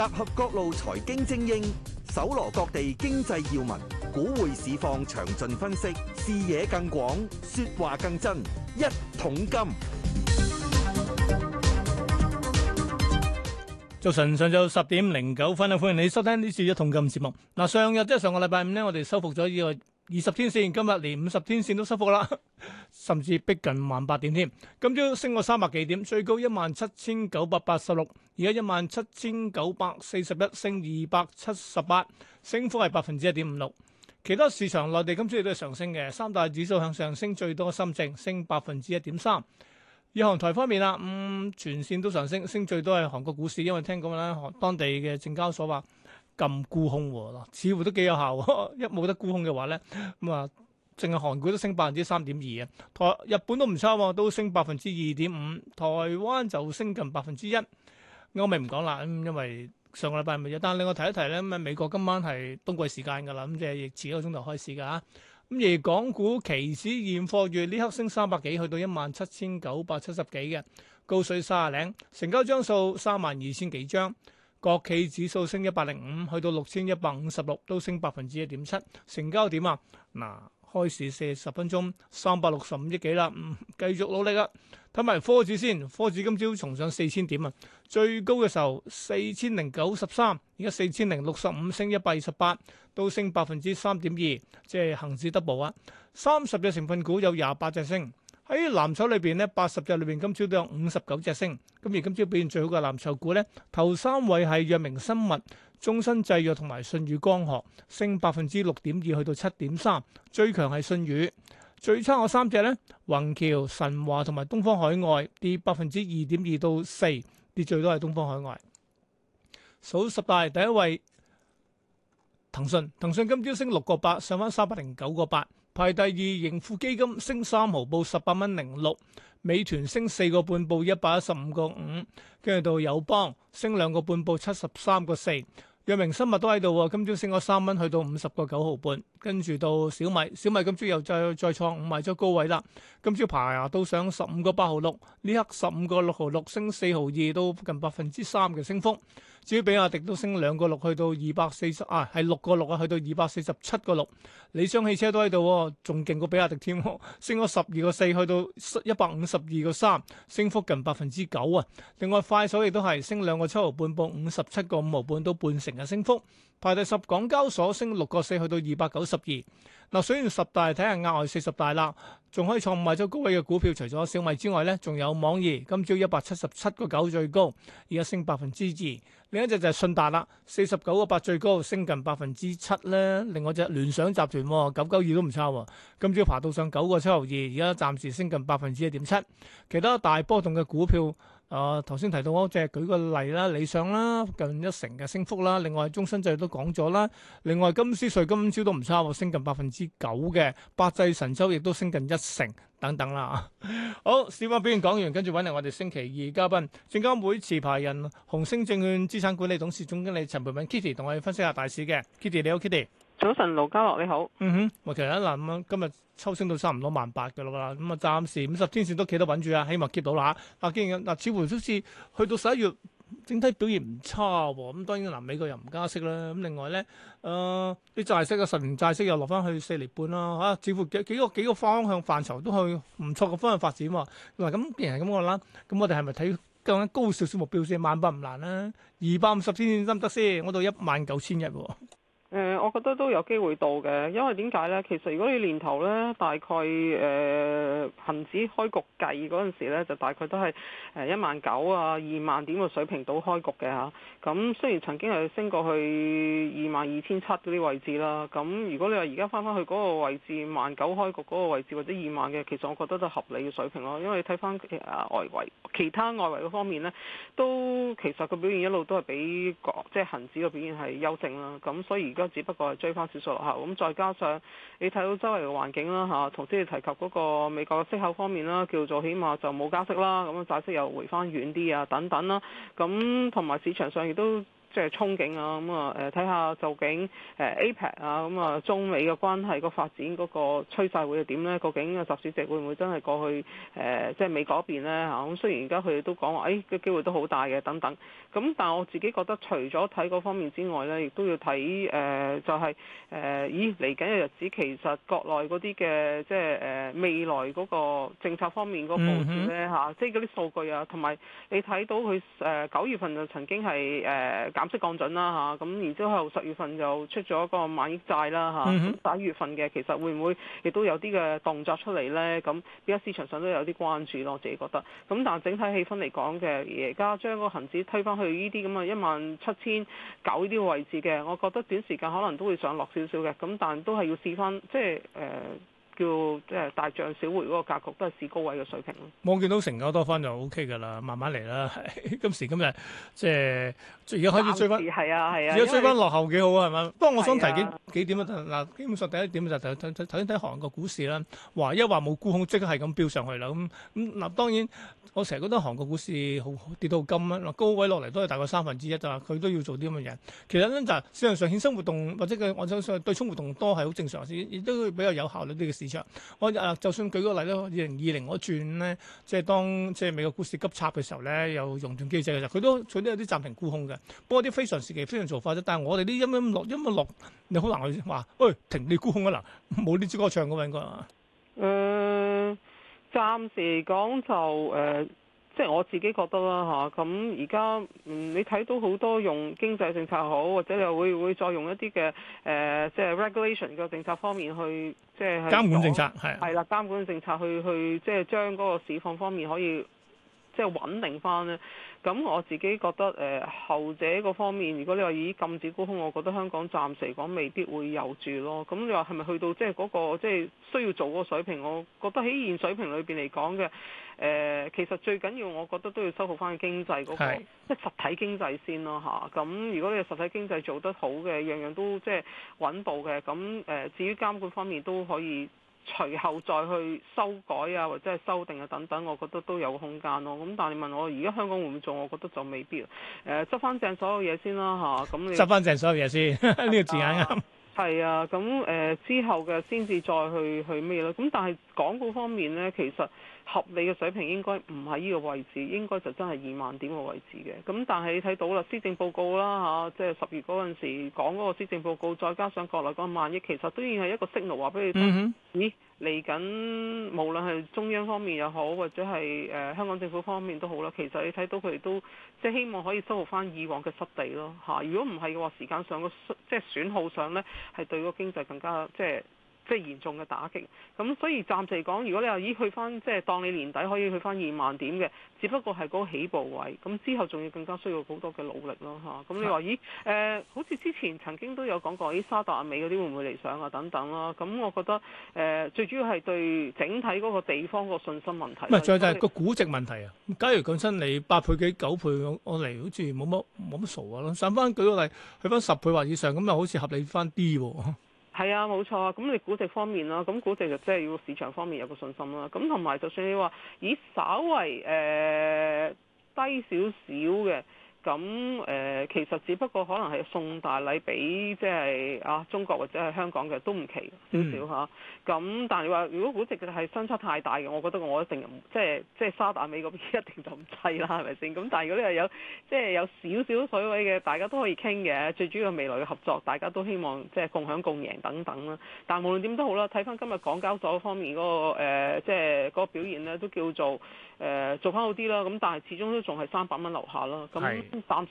集合各路財經精英，搜羅各地經濟要聞，股匯市況詳盡分析，視野更廣，説話更真，一桶金。早晨，上晝十點零九分，歡迎你收聽呢次一桶金節目。嗱，上日即係上個禮拜五咧，我哋收復咗呢個。二十天線今日連五十天線都收復啦，甚至逼近萬八點添。今朝升過三百幾點，最高一萬七千九百八十六，而家一萬七千九百四十一，升二百七十八，升幅係百分之一點五六。其他市場內地今朝亦都係上升嘅，三大指數向上升最多嘅，深證升百分之一點三。以韓台方面啦，嗯，全線都上升，升最多係韓國股市，因為聽講咧，當地嘅證交所話。咁沽空咯，似乎都幾有效。一冇得沽空嘅話咧，咁啊，淨係韓股都升百分之三點二啊，台日本都唔差喎，都升百分之二點五，台灣就升近百分之一。歐美唔講啦，因為上個禮拜咪有。但係我提一提咧，咁啊美國今晚係冬季時間㗎啦，咁即係亦遲一個鐘頭開始㗎嚇。咁而港股期指現貨月呢刻升三百幾，去到一萬七千九百七十幾嘅高水三啊零，成交張數三萬二千幾張。國企指數升一百零五，去到六千一百五十六，都升百分之一點七。成交點啊，嗱，開市四十分鐘三百六十五億幾啦，嗯、繼續努力啊！睇埋科指先，科指今朝重上四千點啊，最高嘅時候四千零九十三，而家四千零六十五，升一百二十八，都升百分之三點二，即係恒指 double 啊！三十隻成分股有廿八隻升。喺藍籌裏邊咧，八十隻裏邊今朝都有五十九隻升，今而今朝表現最好嘅藍籌股咧，頭三位係藥明生物、中新製藥同埋舜宇光學，升百分之六點二去到七點三，最強係舜宇，最差嘅三隻咧，宏橋、神華同埋東方海外，跌百分之二點二到四，跌最多係東方海外。數十大第一位騰訊，騰訊今朝升六個八，上翻三百零九個八。排第二，盈富基金升三毫，報十八蚊零六；美團升四個半，報一百一十五個五。跟住到友邦升兩個半，報七十三個四。藥明生物都喺度，今朝升咗三蚊，去到五十個九毫半。跟住到小米，小米今朝又再再創五賣咗高位啦。今朝排牙、啊、到上十五個八毫六，呢刻十五個六毫六，升四毫二，都近百分之三嘅升幅。至於比亞迪都升兩個六，去到二百四十啊，係六個六啊，去到二百四十七個六。理想汽車都喺度、哦，仲勁過比，比亞迪添喎、哦，升咗十二個四，去到一百五十二個三，升幅近百分之九啊。另外快手亦都係升兩個七毫半，報五十七個五毫半，都半成嘅升幅，排第十。港交所升六個四，去到二百九十二。嗱，所以十大睇下額外四十大啦，仲可以創五二週高位嘅股票，除咗小米之外咧，仲有網易，今朝一百七十七個九最高，而家升百分之二。另一隻就係信達啦，四十九個八最高，升近百分之七咧。另外隻聯想集團九九二都唔差，今朝爬到上九個七毫二，而家暫時升近百分之一點七。其他大波動嘅股票。啊，頭先、呃、提到我即係舉個例啦，理想啦，近一成嘅升幅啦。另外，中新製都講咗啦。另外，金斯瑞今朝都唔差，升近百分之九嘅。百濟神州亦都升近一成等等啦。好，小馬表現講完，跟住揾嚟我哋星期二嘉賓，證監會持牌人，紅星證券資產管理董事總經理陳蓓敏。Kitty 同我哋分析下大市嘅 Kitty，你好 Kitty。早晨，盧嘉樂你好。嗯哼，咪其實嗱咁啊，今日抽升到差唔多萬八嘅啦，咁啊暫時五十天綫都企得穩住啊，希望 keep 到啦。啊，既然啊，似乎好似去到十一月整體表現唔差喎，咁當然嗱，美國又唔加息啦。咁另外咧，誒啲債息啊，十年債息又落翻去四厘半啦。吓，似乎幾幾個幾個方向範疇都去唔錯嘅方向發展。嗱，咁既然係咁嘅話，咁我哋係咪睇更加高少少目標先，萬八唔難啦。二百五十天綫得唔得先？我到一萬九千一。誒、嗯，我覺得都有機會到嘅，因為點解呢？其實如果你年頭呢，大概誒恆、呃、指開局計嗰陣時咧，就大概都係誒一萬九啊、二萬點嘅水平到開局嘅嚇。咁、啊、雖然曾經係升過去二萬二千七啲位置啦，咁、啊、如果你話而家翻翻去嗰個位置，萬九開局嗰個位置或者二萬嘅，其實我覺得都合理嘅水平咯、啊。因為睇翻誒外圍，其他外圍嘅方面呢，都其實個表現一路都係比即係、即係、恒指嘅表現係優勝啦。咁、啊啊、所以。而家只不過係追翻少數落後，咁再加上你睇到周圍嘅環境啦嚇，頭、啊、先你提及嗰個美國嘅息口方面啦、啊，叫做起碼就冇加息啦，咁、啊、債息又回翻遠啲啊，等等啦、啊，咁同埋市場上亦都。即係憧憬啊！咁啊誒，睇下究竟誒 APEC 啊，咁、嗯、啊中美嘅關係個發展嗰個趨勢會係點咧？究竟習主席會唔會真係過去誒、呃？即係美國一邊咧嚇。咁、嗯、雖然而家佢哋都講話誒，嘅、哎、機會都好大嘅等等。咁但係我自己覺得，除咗睇嗰方面之外咧，亦都要睇誒、呃，就係、是、誒、呃，咦嚟緊嘅日子其實國內嗰啲嘅即係誒未來嗰個政策方面嗰個報導咧嚇，即係嗰啲數據啊，同埋你睇到佢誒九月份就曾經係誒。呃減息降準啦嚇，咁然之後十月份就出咗個萬億債啦嚇，咁十一月份嘅其實會唔會亦都有啲嘅動作出嚟呢？咁而家市場上都有啲關注咯，我自己覺得。咁但係整體氣氛嚟講嘅，而家將個恒指推返去呢啲咁嘅一萬七千九呢啲位置嘅，我覺得短時間可能都會上落少少嘅。咁但係都係要試返，即係誒。叫即係大漲小回嗰個格局，都係市高位嘅水平咯。望見到成交多翻就 O K 㗎啦，慢慢嚟啦。 今時今日即係而家開始追翻，係啊係啊，而家、啊、追翻落後幾好啊，係咪為？不過我想提幾點啦。嗱、啊，基本上第一點就係頭睇韓國股市啦。話一話冇沽空，即係咁飆上去啦。咁咁嗱，當然我成日覺得韓國股市好跌到金啦。嗱，高位落嚟都係大概三分之一㗎。佢都要做啲咁嘅嘢。其實咧就市場上衍生活動或者嘅我想想對沖活，活動多係好正常先，亦都比較有效率啲嘅市。我啊，就算舉個例啦，二零二零我轉咧，即係當即係美國股市急插嘅時候咧，有融券機制嘅時候，佢都佢都有啲暫停沽空嘅，不過啲非常時期非常做法啫。但係我哋啲音樂落音樂落，你好難去話，喂停你沽空啊，嗱，冇呢支歌唱噉應該。誒，暫時嚟講就誒。即係我自己覺得啦，吓，咁而家嗯，你睇到好多用經濟政策好，或者又會會再用一啲嘅誒，即係 regulation 嘅政策方面去，即係監管政策係係啦，監管政策去去即係將嗰個市況方面可以。即係穩定翻呢。咁我自己覺得誒、呃、後者個方面，如果你話以禁止沽空，我覺得香港暫時嚟講未必會有住咯。咁你話係咪去到即係嗰個即係、就是、需要做個水平？我覺得喺現水平裏邊嚟講嘅誒，其實最緊要我覺得都要收復翻經濟嗰、那個，是即係實體經濟先咯。吓，咁如果你實體經濟做得好嘅，樣樣都即係穩步嘅，咁誒至於監管方面都可以。隨後再去修改啊，或者係修訂啊等等，我覺得都有空間咯。咁但係你問我而家香港會唔會做？我覺得就未必啦。誒、呃，執翻正所有嘢先啦，吓、啊、咁你。執翻正所有嘢先，呢個字眼啊。係啊， 咁誒、呃、之後嘅先至再去去咩咯？咁但係港股方面呢，其實。合理嘅水平應該唔喺呢個位置，應該就真係二萬點嘅位置嘅。咁但係你睇到啦，施政報告啦，嚇、啊，即係十月嗰陣時講嗰個施政報告，再加上國內嗰個萬億，其實都已經係一個訊號話俾你聽。嗯、哼咦，嚟緊無論係中央方面又好，或者係誒、呃、香港政府方面都好啦。其實你睇到佢哋都即係、就是、希望可以收復翻以往嘅失地咯。嚇、啊，如果唔係嘅話，時間上嘅即係損耗上呢，係對個經濟更加即係。就是即係嚴重嘅打擊，咁所以暫時嚟講，如果你話咦去翻即係當你年底可以去翻二萬點嘅，只不過係嗰個起步位，咁之後仲要更加需要好多嘅努力咯嚇。咁你話咦誒、呃，好似之前曾經都有講過，咦沙特、亞美沙特阿美嗰啲會唔會理想啊等等咯。咁我覺得誒、呃、最主要係對整體嗰個地方個信心問題。唔係，再就係、是、以個估值問題啊。假如講真你，你八倍幾九倍，我嚟好似冇乜冇乜數啊咯。上翻舉個例，去翻十倍或以上，咁又好似合理翻啲喎。係啊，冇錯啊，咁你估值方面啦，咁估值就即係要市場方面有個信心啦，咁同埋就算你話以稍為誒、呃、低少少嘅。咁誒、呃，其實只不過可能係送大禮俾即係啊中國或者係香港嘅都唔奇少少嚇。咁、mm hmm. 啊、但係話如果估值係相差太大嘅，我覺得我一定即係即係沙達美嗰邊一定就唔制啦，係咪先？咁但係如果你係有即係、就是、有少少水位嘅，大家都可以傾嘅。最主要係未來嘅合作，大家都希望即係、就是、共享共贏等等啦。但係無論點都好啦，睇翻今日港交所方面嗰個、誒即係嗰個表現咧，都叫做。誒、呃、做翻好啲啦，咁但係始終都仲係三百蚊樓下咯。咁暫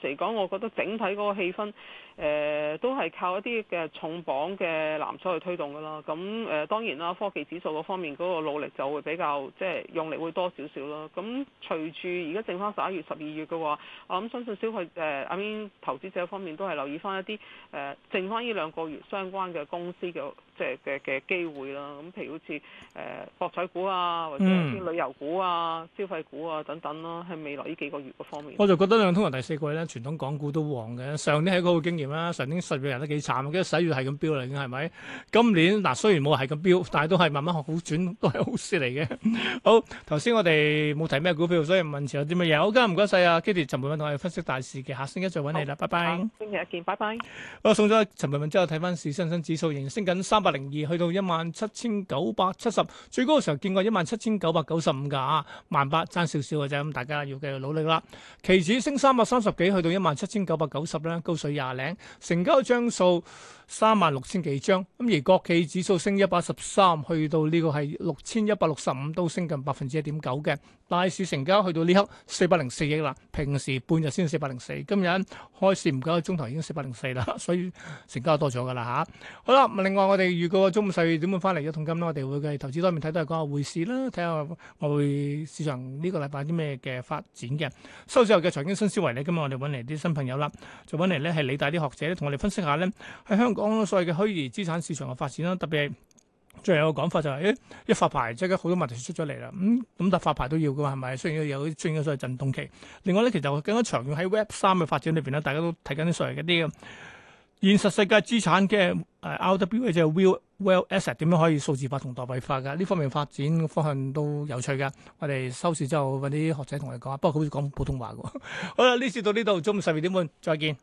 是時嚟講，我覺得整體嗰個氣氛誒、呃、都係靠一啲嘅重磅嘅藍籌去推動噶啦。咁誒、呃、當然啦，科技指數嗰方面嗰、那個努力就會比較即係、就是、用力會多少少咯。咁隨住而家剩翻十一月、十二月嘅話，我諗相信消費誒 I mean 投資者方面都係留意翻一啲誒、呃、剩翻呢兩個月相關嘅公司嘅。即係嘅嘅機會啦，咁譬如好似誒博彩股啊，或者啲旅遊股啊、消費股啊等等啦，喺未來呢幾個月嗰方面。我就覺得兩通喎第四季咧，傳統港股都旺嘅。上年係一個好經驗啦，上年十月都幾慘，跟住十一月係咁飆啦，已經係咪？今年嗱雖然冇係咁飆，但係都係慢慢學好轉，都係好事嚟嘅。好，頭先我哋冇提咩股票，所以唔問前有啲乜嘢？好嘅，唔該曬啊，基迪陳蓓敏同我哋分析大市嘅，下星期再揾你啦，拜拜。星期一見，拜拜。好，送咗陳蓓敏之後，睇翻市恒生指數，仍升緊三百。零二去到一萬七千九百七十，最高嘅時候見過 17, 18, 000, 一萬七千九百九十五噶吓，萬八爭少少嘅啫，咁大家要繼續努力啦。期指升三百三十幾，去到一萬七千九百九十咧，高水廿零，成交張數。三萬六千幾張，咁而國企指數升一百一十三，去到呢個係六千一百六十五，都升近百分之一點九嘅。大市成交去到呢刻四百零四億啦，平時半日先四百零四，今日開市唔夠一個鐘頭已經四百零四啦，所以成交多咗噶啦吓。好啦，另外我哋預告個中午十二點半翻嚟嘅《一桶金》咧，我哋會嘅投資方面睇到係講下匯市啦，睇下外匯市場呢個禮拜啲咩嘅發展嘅。收市後嘅財經新思維咧，今日我哋揾嚟啲新朋友啦，就揾嚟咧係理大啲學者同我哋分析下咧喺香港。講所謂嘅虛擬資產市場嘅發展啦，特別係最後有個講法就係、是，誒、哎、一發牌即刻好多問題出咗嚟啦。咁、嗯、咁但發牌都要噶嘛，係咪？雖然有啲出現咗所謂震動期。另外咧，其實我更加長遠喺 Web 三嘅發展裏邊咧，大家都睇緊啲所謂嘅啲現實世界資產嘅誒 RWA 即係 Real World Asset 點樣可以數字化同代幣化嘅呢方面發展方向都有趣嘅。我哋收市之後揾啲學者同你講。不過佢好似講普通話嘅。 好啦，呢次到呢度，中午十二點半，再見。